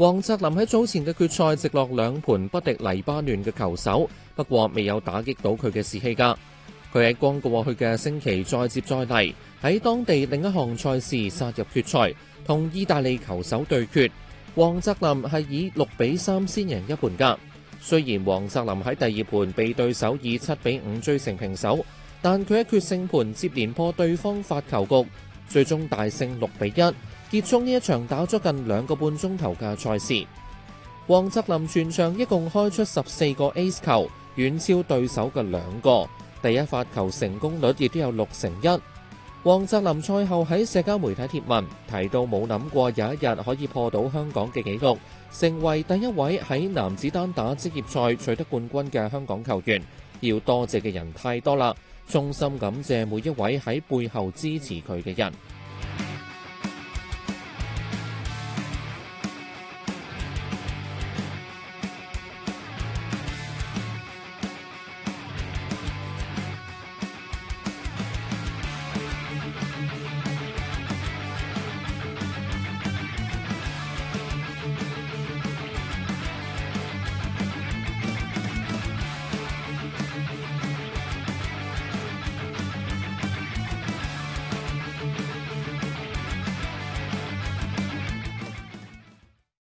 黃澤林喺早前嘅決賽直落兩盤不敵黎巴嫩嘅球手，不過未有打擊到佢嘅士氣噶。佢喺剛過去嘅星期再接再厲，喺當地另一項賽事殺入決賽，同意大利球手對決。黃澤林係以六比三先贏一盤噶。雖然黃澤林喺第二盤被對手以七比五追成平手，但佢喺決勝盤接連破對方發球局，最終大勝六比一。結束呢一場打咗近兩個半鐘頭嘅賽事，黃澤林全場一共開出十四個 Ace 球，遠超對手嘅兩個。第一發球成功率亦都有六成一。黃澤林賽後喺社交媒體貼文提到，冇諗過有一日可以破到香港嘅紀錄，成為第一位喺男子單打職業賽取得冠軍嘅香港球員。要多謝嘅人太多啦，衷心感謝每一位喺背後支持佢嘅人。